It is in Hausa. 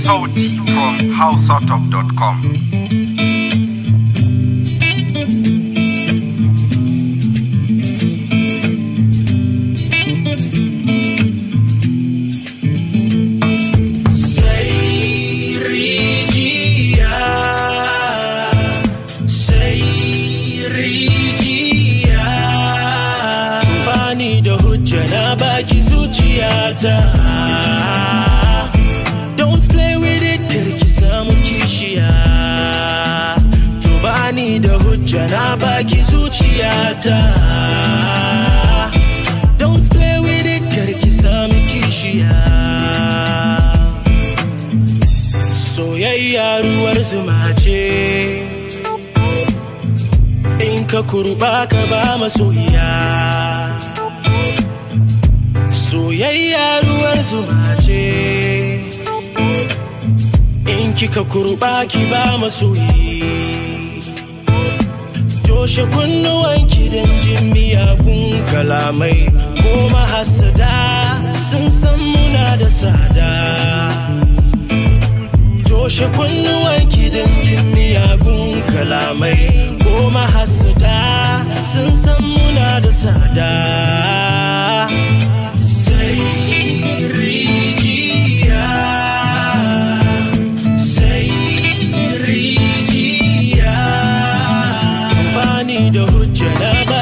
Sauti from houseoutof.com. mata don't play with it samu kishiya to ni da hujja na baki zuciyata don't play with it karki samu kishiya soyayya ruwar zuma ce in ka kurba ka ba masoyiya soyayya ruwar zuma ce in kika kurba ki ba masoyi toshe kunnuwanki don jin miyagun kalamai ko mahasada sun san muna da tsada toshe kunnuwanki don jin miyagun kalamai ko mahasada sun san muna da sada Nada